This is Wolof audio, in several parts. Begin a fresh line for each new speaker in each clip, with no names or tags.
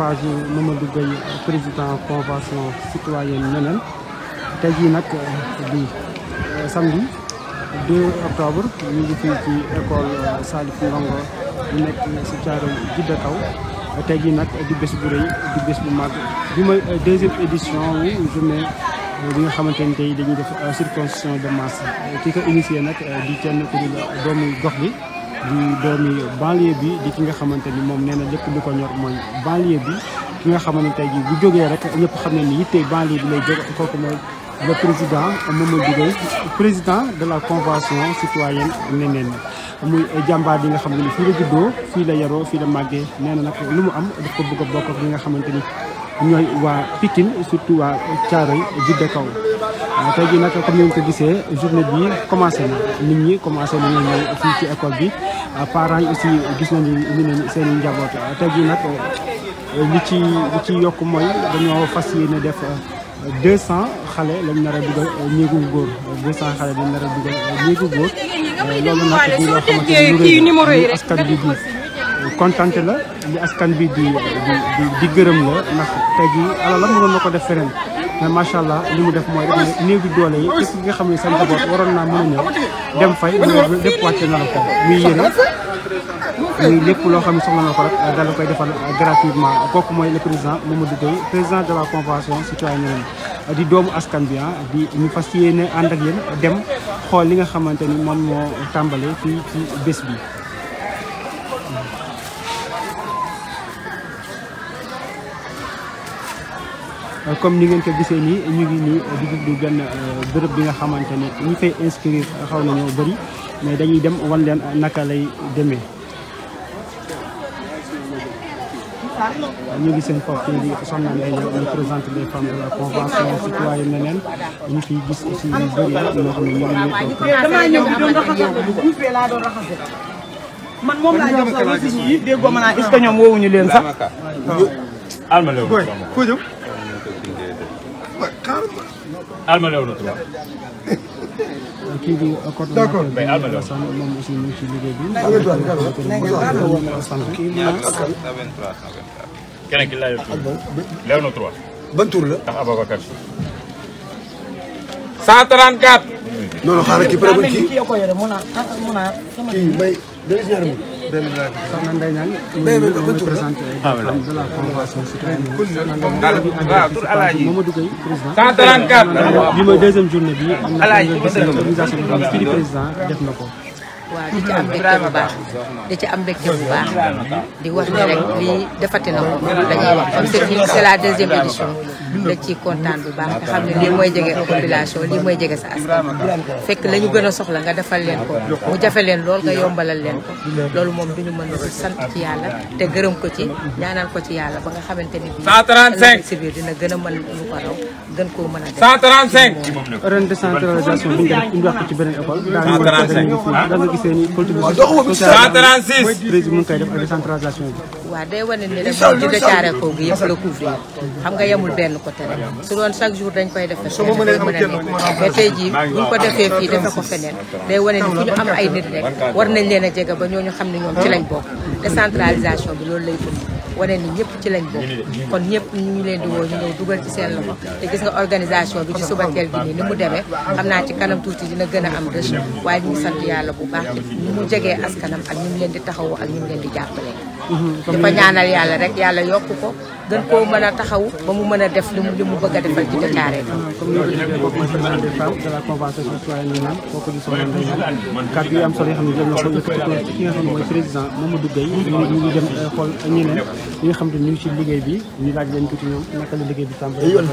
page yu Mamadou Gueye président convention citoyenne ñeneen tey jii nag di euh, samedi 2 octobre ñu ngi fii ci école euh, Salif Ndongo bu nekk si Thiaroye Jidda Kaw tey jii nag di bés bu rëy di bés bu mag di mooy euh, deuxième édition wu journée bi nga xamante ni tey dañuy def circoncision de masse ki ko initié nag di kenn ku dul doomu gox bi di doomi banlieue bi di ki nga xamante ni moom nee na lépp lu ko ñor mooy banlieue bi ki nga xamante ne tey jii bu jógee rek ñëpp xam ne ni yitte banlieue bi lay jóge kooku mooy le président Mamadou Gueye président de la convention citoyenne Neneen muy jàmbaar bi nga xam ne ni fii la juddoo fii la yaroo fi la màggee nee na nag lu mu am daf ko bëgg a bokk ak nga xamante ni ñooy waa Pikine surtout waa Thiaroye Jidde Kaw ah, tey jii nag comme ni nga ko gisee journée bi commencé nit ñi commencé nañu ñëw fii école bi Ah, parents yi aussi gis nañu ñu ne seen i njaboot ah, tey jii nag euh, li ci li ci yokk mooy dañoo fas yéene def 200 euh, xale lañ nar a dugal euh, néegu góor 200 xale lañ nar a dugal néegu góor loolu nag di loo xamante ni lu bi di kontante la askan bi di di di gërëm la ndax tey jii alalam mënoon na ko def feneen. mais macha allah li mu def mooy def néew bi doole yi képp ki nga xam ne seen njaboot waroon naa mën a ñëw dem fay mais lépp wàcce na la ko muy yére muy lépp loo xam ne soxla na ko rek daal la koy defal gratuitement kooku mooy le président Mamadou Gueye président de la convention citoyenne di doomu askan bi ah, di ñu fa yéene ànd ak yéen dem xool li nga xamante ni moom moo tàmbale fii ci bés bi. Euh, comme ni ngeen ko gisee nii ñu ngi nii di jublu benn euh, bërëb bi nga xamante ne ñi fay inscrire xaw nañoo bëri mais dañuy dem wan leen naka lay deme ñu ngi seen foofu di soxna Ndeye Diagne ñu présenté les femmes de la convention citoyenne neneen ñu fiy gis aussi ñu bëri ñoo xam
ne ñu ngi man moom laa ñëw sax aussi ñii déggoo ma naa est ñoom
woowuñu leen sax. alma lew na tubaab. kii bi coordonnateur bi
moom aussi mu ngi ci liggéey bi.
keneen ki laay lew na tubaab. ban tur la. ndax Ababacar Sy. 134. non
non
xaaral kii pare kii
kii may.
soxna Ndeye Niang ñu ngi présenté de la convention citoyenne Mamadou Gueye président 134 bi mooy deuxième journée bi am na organisation bi xam fii di président def
na ko waaw di ci am mbégte bu baax di ci am mbégte bu wax ne rek lii defati na ko dañuy la deuxième édition da ci kontaan bu baax nga xam ne lii mooy jege population lii mooy jege sa askan fekk la ñu gën a soxla nga defal leen ko mu jafe leen lool nga yombalal leen ko loolu moom du ñu mën a sant ci yàlla te gërëm ko ci ñaanal ko ci yàlla ba nga xamante ni bi 135 si dina gën a mën lu ko raw gën koo mën a def 135
ren décentralisation bi nga def ñu wax ko ci beneen école daa ñu war a def sociale 136 président mu ngi koy
def ak bi waaw day wane ni rek moom jóge caare kaw gi yëpp la couvrir xam nga yemul benn côté rek su doon chaque jour dañ koy def feneen day mën a nekk mais tey jii ko defee fii defee ko feneen day wane ni fu ñu am ay nit rek war nañ leen a jege ba ñooñu xam ne ñoom ci lañ bokk centralisation bi loolu lay dund wane ni ñëpp ci lañ bokk kon ñëpp ñu ngi leen di woo dugal ci seen loxo te gis nga organisation bi ci suba teel bi nii ni mu demee xam naa ci kanam tuuti dina gën a am rëcc waaye ñu sant yàlla bu baax ni mu jegee kanam ak ñu ngi leen di taxawoo ak ñu ngi leen di jàppale di ko ñaanal yàlla rek yàlla yokk ko gën koo mën a taxawu ba mu mën a def li mu li mu bëgg a defal ci Dakar
comme ni nga ko gisee moom mooy femme de la convention di soxla Ndeye kàddu am solo yoo xam ne jël na ko yëkkati ñeneen ñi nga xam ne ñu ngi ci liggéey bi ñu laaj leen ko ci ñoom liggéey bi tàmbalee. bu yóbbu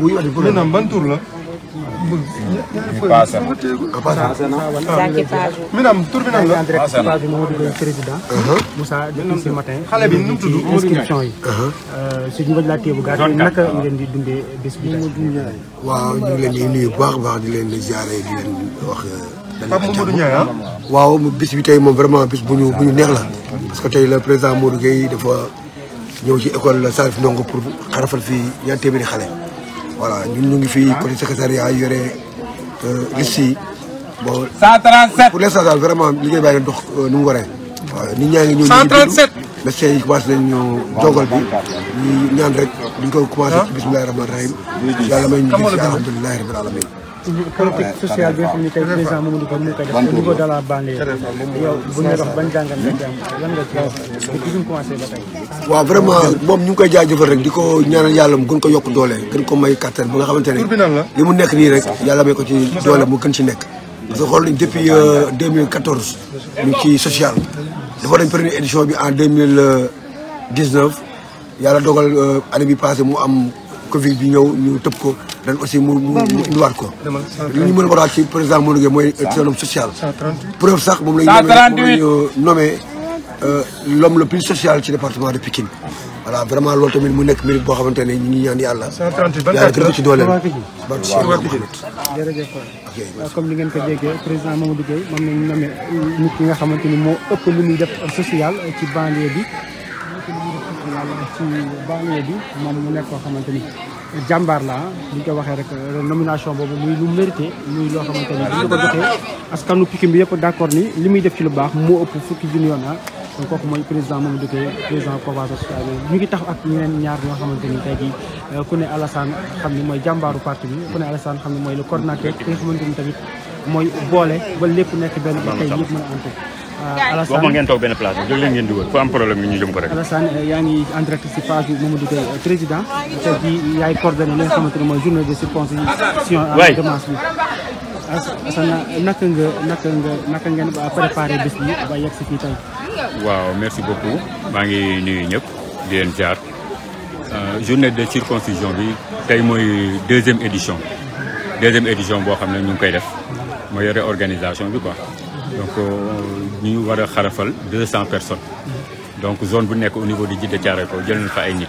bu yóbbu bu yóbbu ban la.
passé mi na Mamadou Gueye président
Moussa mu yi si a
baax di leen di jaaree di leen wax Pape Mamadou Ndiaye waaw bis bi tey moom vraiment bis bu bu ñu neex la parce que tey le président Modou Gueye dafa ñëw ci école Salif Ndongo pour xarafal fii ñaar téeméeri xale voilà ñun ñu ngi fii côté secrétariat yore liste euh, yi bon. 137 pour l'instant daal vraiment liggéey baa ngi dox euh, nu mu waree. waaw nit ñaa ngi ñëw ñu ngi. 137 médecins yi commencé nañu dogal bi ñu ñaan rek ñu ngi ko commencé ci ah. bisimilah rahmaani rahiim yàlla may ñu gis alhamdulilah rabbil alamin politique sociale bi
ñu wax
moom ñu ngi koy jaajëfal rek di ko ñaanal yàlla mu gën ko yokk doole gën ko may kàttan ba nga xamante ne li mu nekk nii rek yàlla may ko ci doole mu gën ci nekk parce que xool nañ depuis 2014 euh, ñu ci social dafa dañ première édition bi en yàlla dogal euh, année bi passé mu am Covid bi ñëw ñu tëb ko ren aussi mu mu ko. li ñu mën a waral ci président Modou Gueye mooy l'homme social. preuve sax euh, euh, l'homme le plus social ci département de Pikine. voilà vraiment lool tamit mu nekk mérite boo xamante ne ñu ngi ñaan yàlla.
138 ban kàddu la yàlla ci dooleel. jërëjëf waaw comme ni ngeen ko moo ëpp lu muy bi. ci banlieue bi moom mu nekk koo xamante ni jàmbaar laa bu ñu ko waxee rek euh, nomination boobu muy lu mérité muy loo xamante ni bu ñu ko joxee askanu Pikine bi yëpp d' ni li muy def ci lu baax mu ëpp fukki junni yoon ah donc kooku mooy président Mamadou Gueye président convention sociale ñu ngi tax ak ñeneen ñaar ñoo xamante ni tey jii euh, ku ne Alassane xam ni mooy jàmbaaru parti bi ku ne Alassane xam ni mooy le coordinateur ki nga xamante ni tamit mooy boole ba lépp nekk benn ba
Ah, Alassane wax ma ngeen toog benn place jóg leen ngeen di wër fu am problème yi ñu jëm ko rek.
Alassane eh, yaa ngi en direct si page bi Mamadou Gueye eh, président tey jii yaay coordonné li nga xamante ne mooy journée de circoncision en dimanche bi. Alassane naka nga naka nga naka ngeen préparé bés bi ba yegg tey.
waaw merci beaucoup maa ngi nuyu ñëpp di leen jaar euh, journée de circoncision bi tey mooy deuxième édition deuxième édition boo xam ne ñu ngi koy def mooy yore organisation bi quoi. donc euh, ñu war a xarafal deux cent personnes donc zone bu nekk au niveau di de Thiaroye ko jël nañ fa ay nit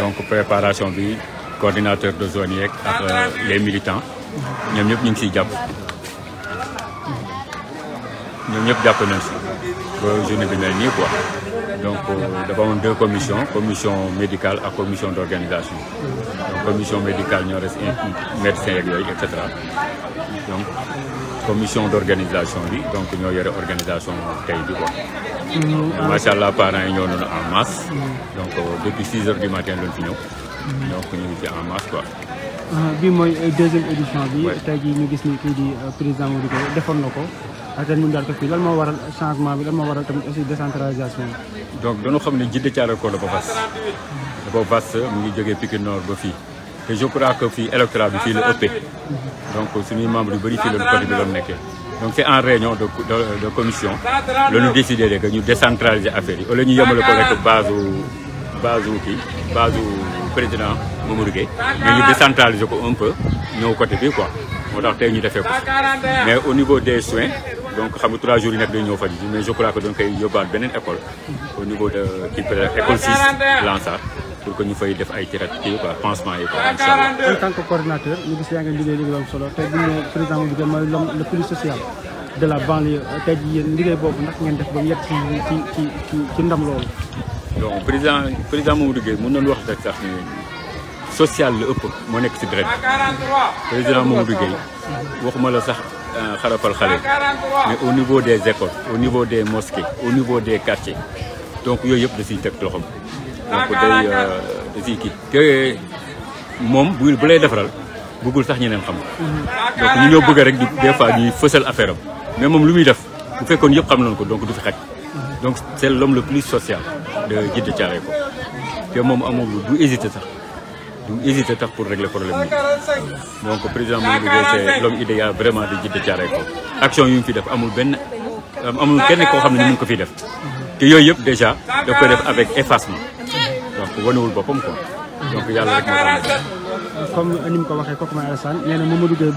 donc préparation bi coordinateur de zone yeeg ak euh, les militants ñoom ñëpp ñu ngi siy jàpp ñoom ñëpp jàpp nañ si ba journée bi mel nii quoi donc euh, dafa amoon deux commissions commission médicale ak commission d' organisation donc commission médicale ñoo res médecin yooyu et cetera commission d' organisation bi donc ñoo yore organisation tey bi quoi. Mm. macha allah parents yi ñoo doon en masse. Mm. donc euh, depuis 6 heures du matin lañ fi ñëw. Mm. donc ñu ngi fi en masse quoi.
Ah, bi mooy euh, deuxième édition bi. tey jii ñu gis ni kii di euh, président Mody Gueye defoon na ko. ak ren ñu daal ko fii lan moo waral changement bi lan moo waral tamit aussi décentralisation
bi. donc dañoo xam ne Djiddah Thiaroye Kao dafa fas. dafa fas mu ngi jógee Pikine Nord ba fii. te je crois que fii électorat bi fii la ëppee donc suñuy membre yu bëri fi la côté bi doon nekkee donc c'est en réunion de de commission la ñu décidé rek ñu décentraliser affaire yi au lieu ñu yemale ko rek base base kii base président Mamadou Gueye mais ñu décentraliser ko un peu ñëw côté bi quoi moo tax te ñu defee ko mais au niveau des soins donc xam nga trois jours yi nag day ñëw fan yi mais beneen école au niveau de kii école ñu fay def ay tirage kii quoi pansement yi quoi
tant que coordinateur ñu gis yaa ngi liggéey liggéey am solo tey bu ñu nee président la banlieue tey jii boobu ndax ngeen def ba yegg ci ci ci ci
ci ndam loolu. président président Mamadou Guèye mën nañu wax rek sax social la ëpp moo nekk ci dërët président Mamadou Guèye waxuma la sax. Xarapal euh, Xale mais au niveau des écoles au niveau des mosquées au niveau des quartiers donc yooyu yëpp da siy teg loxoom donc day euh, da siy kii te moom bu bu lay defaral bëggul sax ñeneen xam donc ñu ñoo bëgg rek des fois ñuy fësal affaire am mais moom lu muy def bu fekkoon yëpp xam nañ ko donc du fi xaj donc c'est l'homme le plus social de Djiddah Thiaroye Kaw te moom amul du hésiter sax du hésité tax pour régler problème bi donc président Mamadou Gueye c'est l'homme idéal vraiment di Djiddah Thiaroye Kaw action yu mu fi def amul benn euh, amul kenn koo xam ne ni mu ko fi def te yooyu yëpp déjà daf koy def avec effacement donc wanewul boppam quoi donc yàlla rek moo tax
comme ni mu ko waxee kooku mooy Alassane nee na Mamadou def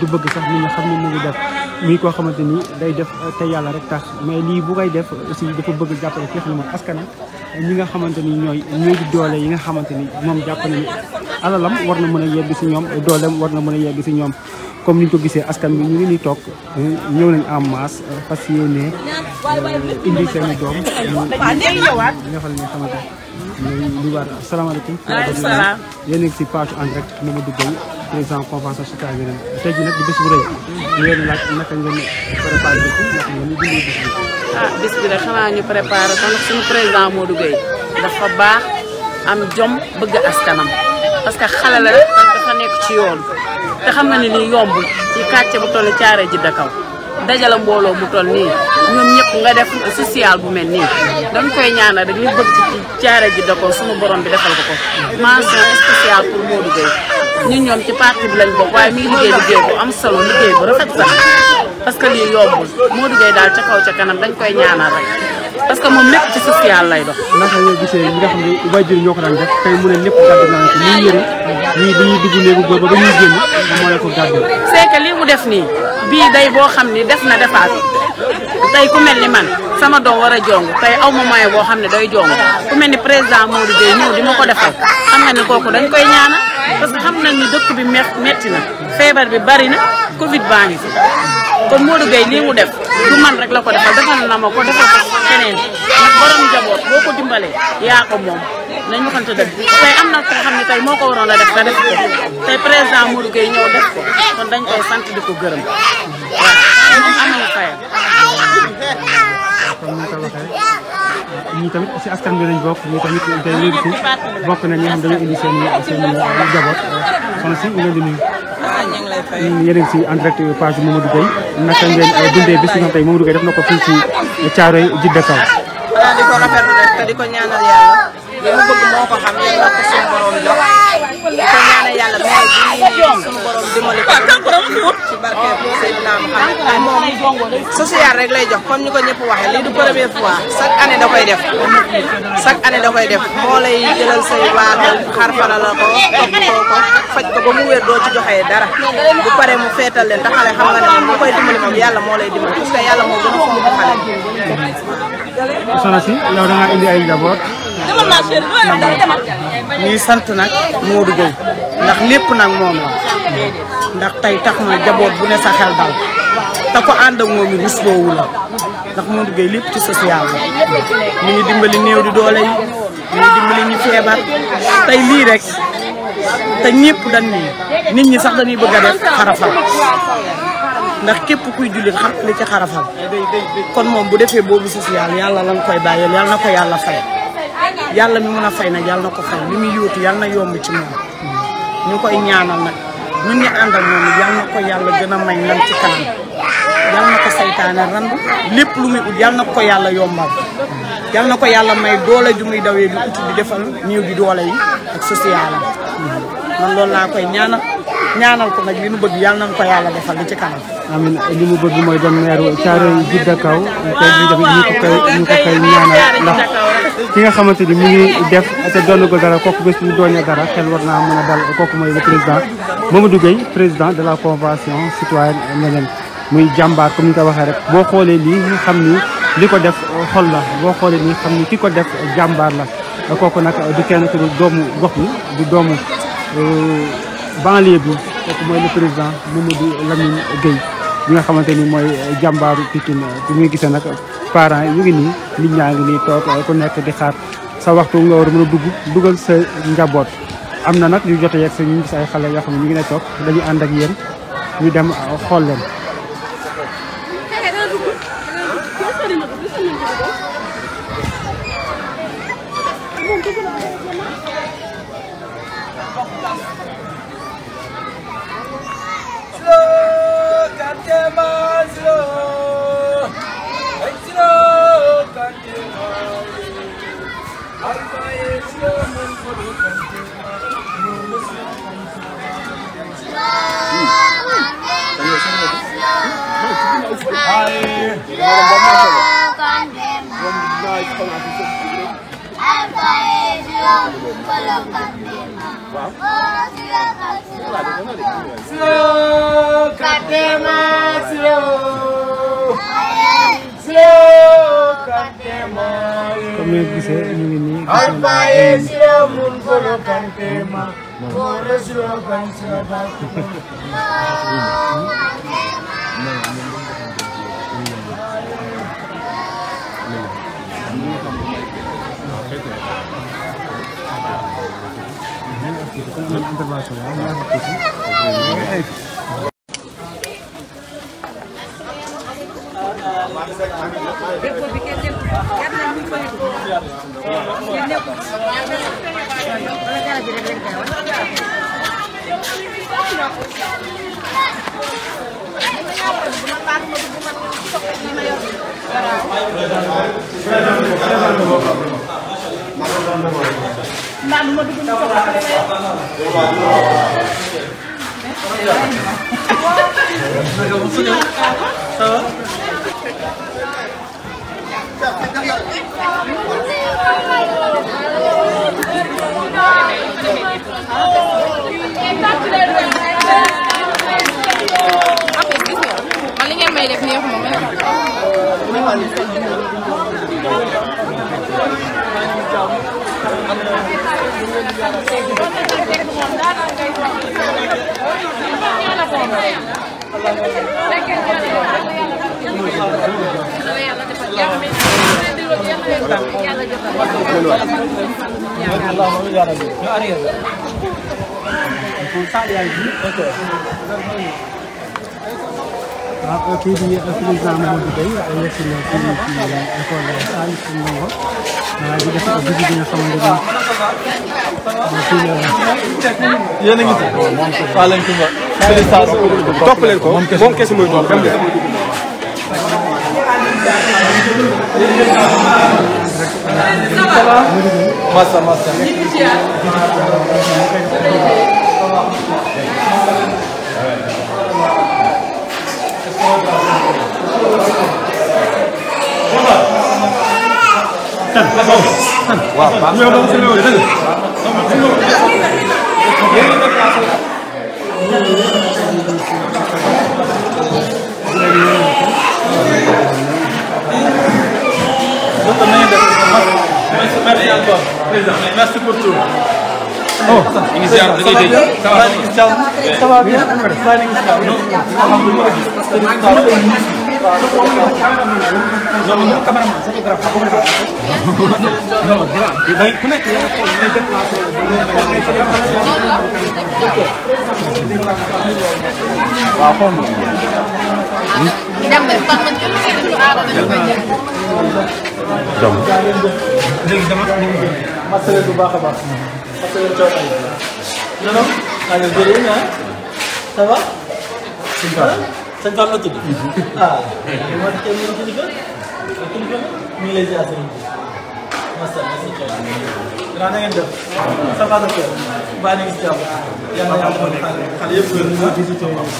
du bëgg sax ni nga xam ne mu ngi def muy koo xamante ni day def euh, te yàlla rek tax mais lii bu koy def aussi dafa bëgg jàppale ki nga xam ne moom askan euh, ñi nga xamante ni ñooy ñooy doole yi nga xamante ni moom jàpp na alalam war na mën a yegg si ñoom dooleem war na mën a yegg si ñoom. comme ni ñu ko gisee askan bi ñu ngi nii toog euh, ñëw nañ en masse fas yéene
indi seen i doom ñu
defal ñu ñu war asalaamaaleykum. waaleykum salaam yéen a ngi si page en direct Mamadou Gueye président convention citoyenne yeneen tey jii nag di bés bi naka ngeen dundee bés bi.
ah bi de xanaa ñu préparé ko ndax suñu président Modou Gueye dafa baax am jom bëgg askanam
parce que dafa
nekk ci yoon te xam nga ne ni yomb ci quartier bu toll caare ji da dajala mbooloo mu toll nii ñoom ñëpp nga def social bu mel nii dañ koy ñaanal rek li bëgg ci jaare ji dako borom bi defal ko ko mention spéciale pour Modou Gueye ñun ñoom ci parti bi lañ bokk waaye mi liggéey liggéey bu am solo liggéey bu rafet sax parce que lii yombul moo Gueye daal ca kaw ca kanam dañ koy ñaanal rek parce que moom lépp ci
social lay dox. naka nga gisee ñi nga xam ne waajur ñoo ko daan def tey mu ne lépp gàddu naa dañuy dugg néegu moo la ko gàddu.
c'est que lii nii bii day boo xam ni def na defaat tey ku mel ni man sama doom war a jong tey aw ma moyen boo xam ne day jong ku mel ni président moo Gueye ñëw di ma ko defal xam nga ni kooku dañ koy ñaanal parce que xam nañ ni dëkk bi metti na feebar bi bari na Covid baa ngi fi. kon Modou Gueye lii mu def du man rek la ko defal defal na ma ko defal ko keneen ndax borom njaboot boo ko dimbalee yaa ko moom nañu waxante dëgg tey am na koo xam ne tey moo ko waroon a def nga def ko tey président Modou Gueye ñëw def ko kon dañ koy sant di ko gërëm waaw moom am na fayam
ñii tamit si askan bi lañ bokk ñii tamit day léegi si bokk na ñi nga xam dañoo indi seen seen njaboot soxna si ñu leen di nuyu ah, yéen a ngi si en direct page Mamadou Gueye naka ngeen euh, dundee bis nga xam tey Mamadou Gueye na ko fii ci Caaroy Jidda Kaw.
xanaa di ko rafetlu rek te di ko ñaanal yàlla. li mu bëgg moo ko xam yéen la ko suñu
jox ko
ñaanal ko ci barke
Seydina Muhammad moom rek lay jox comme ñu ko ñëpp waxee lii du première fois chaque
année da koy def chaque année da koy def moo lay jëlal say waatal xar fala la ko toppatoo ko faj ko ba mu wér doo ci joxee dara bu paree mu feetal leen te xale xam nga ne moom koy dimbali moom yàlla moo lay dimbali parce que yàlla moo gën a fonk xale
soxna si
yow da indi ay njaboot
ñuy sant nag Modou Gueye ndax lépp nag moom ndax tey tax na jaboot bu ne sa xel dal te ko ànd ak moom yi rusloowu la ndax Modou Gueye lépp ci social la
mu ngi dimbali néew di doole yi mu ngi dimbali ñu feebar tey lii rek
te ñëpp dañ nii nit ñi sax dañuy bëgg a def xarafal ndax képp kuy jullit xam li ci xarafal kon moom bu defee boobu social yàlla lañ koy bàyyeel yàlla na ko yàlla fay yàlla mi mun a fay nag yàlla na ko fay li muy yóotu yàlla na yomb ci moom ñu koy ñaanal nag ñun ñu àndal moom yàlla na ko yàlla gën a may lan ci kanam yàlla na ko saytaane rand lépp lu muy ut yàlla na ko yàlla yombal yàlla na ko yàlla may doole ju muy dawee di ut di defal néew di doole yi ak social am man loolu laa koy ñaanal ñaanal ko nag li nu bëgg yàlla nañu yàlla defal li ci kanam.
amiin li mu bëgg mooy doon meeru Thiaroye Jidda Kaw tey ñu koy ñu ko koy ñaanal ki nga xamante ni mu ngi def te doonu ko dara kooku bés bu doonee dara xel war naa mën a dal kooku mooy le président Mamadou Gueye de la convention citoyenne Ngéniène muy jàmbaar comme ni ko waxee rek boo xoolee lii nga xam ni li ko def xol la boo xoolee nii xam ni ki ko def jàmbaar la kooku nag du kenn ku dul doomu gox bi du doomu. Euh, banlieue bi kooku mooy le président Mamadou Lamine Gueye bi nga xamante ni mooy jàmbaaru Pikine bi nga gisee nag parents yi ngi nii nit ñaa ngi nii toog ku nekk di xaar sa waxtu nga war a a dugg dugal sa njaboot. am na nag ñu jotee yegg sa ñu gis ay xale yoo xam ne ñu ngi ne toog dañuy ànd ak yéen ñu dem xool leen.
I
love
and them. And praise you for love and them. Slow, Katema, slow. Slow, Katema. Comme
vous savez, nous venons. Alpha et slow,
mon colo, Katema. Pour
le slow, Katema. Slow, Katema.
intervention
Allah'ım
yardım. Ne arıyorsun? Kurtar yani. Okey.
waaw kii di président Mamadou Gueye yegg na fii ci école Salif Ndongo di def ab visite bi nga xamante ni fii la.
yéen a ngi fi. waaw moom kese topp leen ko moom kese mooy topp dem leen. masa masa. waaw merci beaucoup. oh. ñu ngi ziar da ngay dégg. ça va ça va bien. ça va bien. ça va bien. non non cameraman photographe ko ko def non day ku nekk yaa ko ñu déplacé
waaw xool
dem ba man ko lu aada da ko jël
dem léegi dama masale bu baax a baax masale coono non non ça va sëñ Fall la tudd. ah. moo tax kenn mënu kilifa. kilifa ñu ngi lay ziar sëñ bi. macha ah, eh? ah, ah, allah si xel. dinaa na ngeen def. ça va de kër. mbaa na ngeen si jàmm. yàlla na yàlla na xale yëpp wér.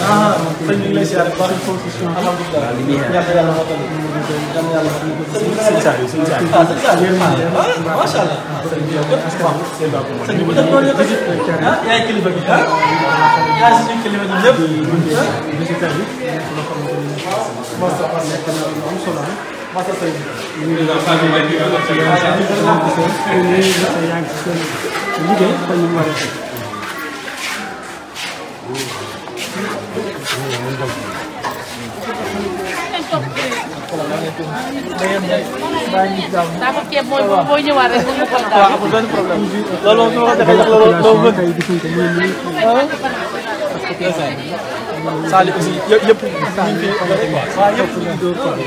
ah sëñ bi lay siyaare bu baax. alhamdulilah. yàlla yàlla moo tax. yàlla yàlla moo tax. sëñ Saalum sëñ Saalum. ah sëñ Saalum ah macha allah. sëñ bi bu def loolu yëpp rek. ah yaay kilifa
gi ah. yaay suñu kilifa gi lépp. ah. macha allah nekk na lu am solo. dafa
képp mooy boo ñëwaat rek ñu ko waaw amul benn
problème loolu moom su ma ko defee sax loolu loolu
bëgg
Sali aussi yë yëpp ñu ngi fi
waaw yëpp ñu ngi door ko waaw.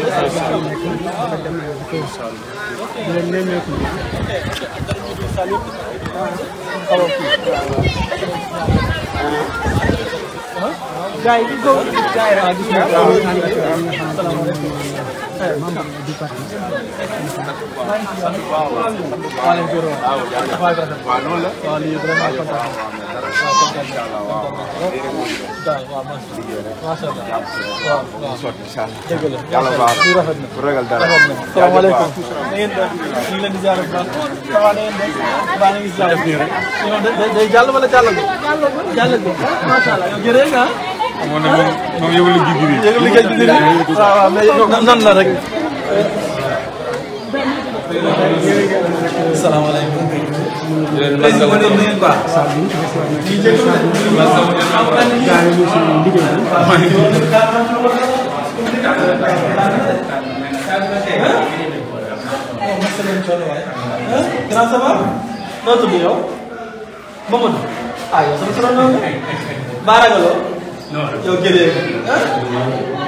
gars yi gis nga gis nga membre du parti.
waaw waaw noonu la. waaw lii vraiment kontaan naa waaw waaw
waaw
waaw waaw
waaw moo ne moom moom yëngu liggéey bi. yëngu liggéey bi waaw waaw mais nan la rek. salaamaaleykum. jërëjëf Massa Wade ñu ngi baax. Massa Wade ñu ngi baax. Mamadou. ah yow sama yow jëlee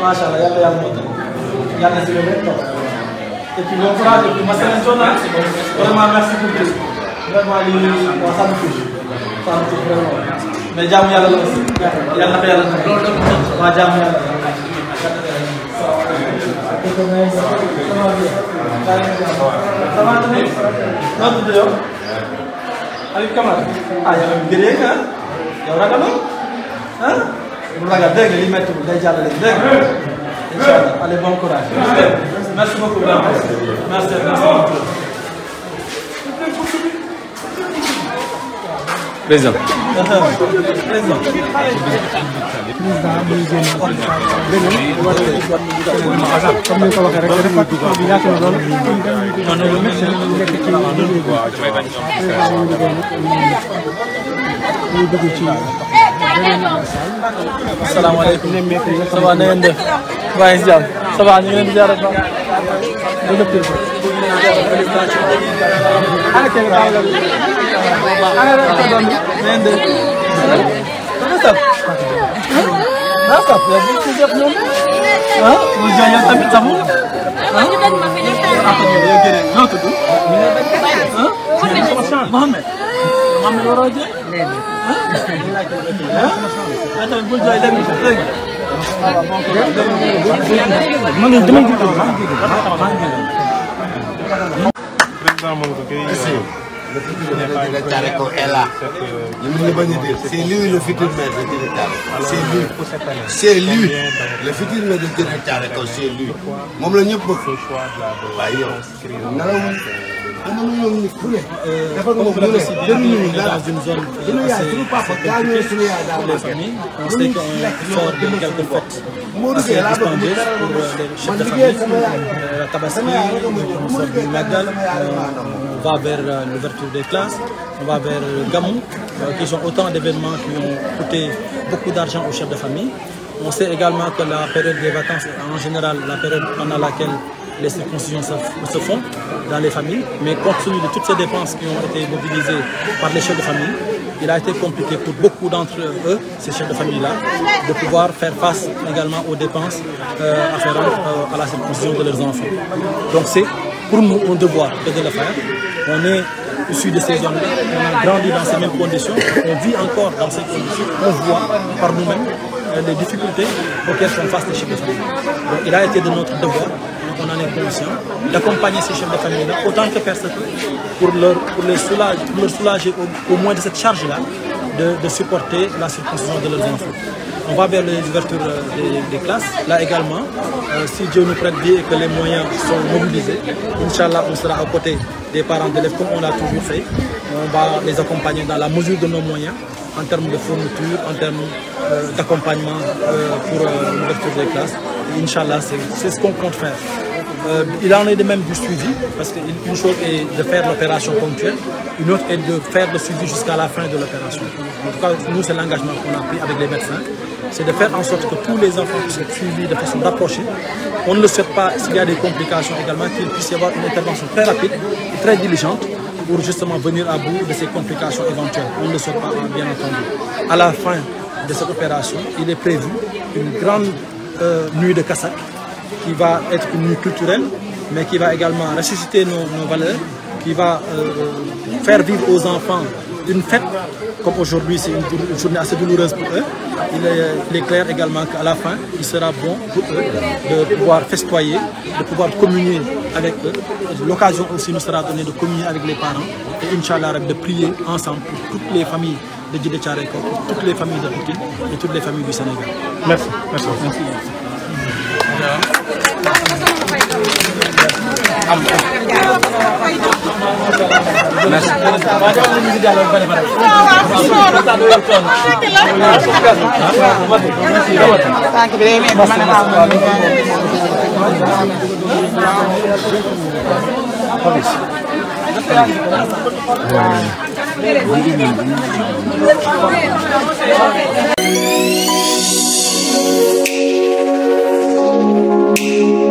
macha allah yàlla yàlla moo tax yàlla na si loolu rek toog et puis bon courage et puis ma semaine sonn naa vraiment merci pour tout vraiment lii waa ça me touche ça me touche vraiment mais jaamu yàlla la aussi yàlla na ko yàlla na ko waa jaamu yàlla ça va tamit noo tudd yow Habib Camara ah yow gëjee nga yow ragaloo ah bu ragal dégg nga li méttiwul day jàllale dégg nga. incha allah allez bon courage. merci beaucoup merci merci beaucoup. président. président. comme
ni ko waxee rek répartition bi yaatu na lool. nekk ci
asalaamaaleykum ça va na ngeen def waaye si jàmm ça va ñu ngi leen di ziar baax na ngeen def xam nga waroo jël. dégg
c'est
lui le futur maire de Gueule Tapée c'est lui c'est lui le futur maire de Gueule Tapée c'est moom la ñëpp bëgg waaye yow dana nu ñëw ñu a gënu ñu dara suñu yaay suñu papa daa ñëw suñu yaay daa maa fekk.
mu ngi lekk lool des classes, euh, euh, qui sont autant d'événements qui ont beaucoup d'argent aux chefs de famille. On sait également que la période des vacances en général la période pendant laquelle les circoncisions se, se, font dans mais compte tenu de toutes ces dépenses qui ont été mobilisées par les chefs de famille, il a été compliqué pour beaucoup d'entre eux, ces chefs de famille de pouvoir faire face également aux dépenses euh, afférentes euh, la circoncision de leurs enfants. Donc c'est pour nous un devoir de le faire. On est issus de ces hommes on a grandi dans ces mêmes conditions, on vit encore dans ces conditions, on voit par nous-mêmes euh, les difficultés auxquelles font face les chefs de a on en est conscient, d'accompagner ces chefs de famille-là autant que faire se peut pour leur, pour soulager, au, moins de cette charge-là de, supporter la circonscription de leurs enfants. On va vers les ouvertures euh, des, classes. Là également, euh, si Dieu nous prête bien et que les moyens sont mobilisés, Inch'Allah, on sera à côté des parents d'élèves comme on l'a toujours fait. On va les accompagner dans la mesure de nos moyens en termes de fourniture, en termes euh, d'accompagnement Inch'Allah, c'est ce qu'on compte faire. Euh, il en est de même du suivi, parce qu'une chose est de faire l'opération ponctuelle, une autre est de faire le suivi jusqu'à la fin de l'opération. En tout cas, nous, c'est l'engagement qu'on a les médecins, de faire en sorte que tous les enfants qui sont suivis de façon rapprochée, on ne le souhaite pas, s'il y a des complications également, qu'il puisse y avoir une intervention très rapide et très diligente pour justement venir à bout de ces euh, nuit de Kassak, qui va être nuit culturelle, mais qui va également ressusciter nos, nos valeurs, qui va euh, faire vivre aux enfants une fête, comme aujourd'hui c'est une, une, journée assez douloureuse pour eux. Il est, il est clair également qu'à la fin, il sera bon pour eux de pouvoir festoyer, de pouvoir communier avec eux. L'occasion aussi nous sera donnée de communier avec les parents et Inch'Allah de prier ensemble pour toutes les familles de Djeddah Thiaroye Kaw pour toutes les familles de Pikine et toutes les familles du Sénégal. merci merci. merci.
merci. Thank you.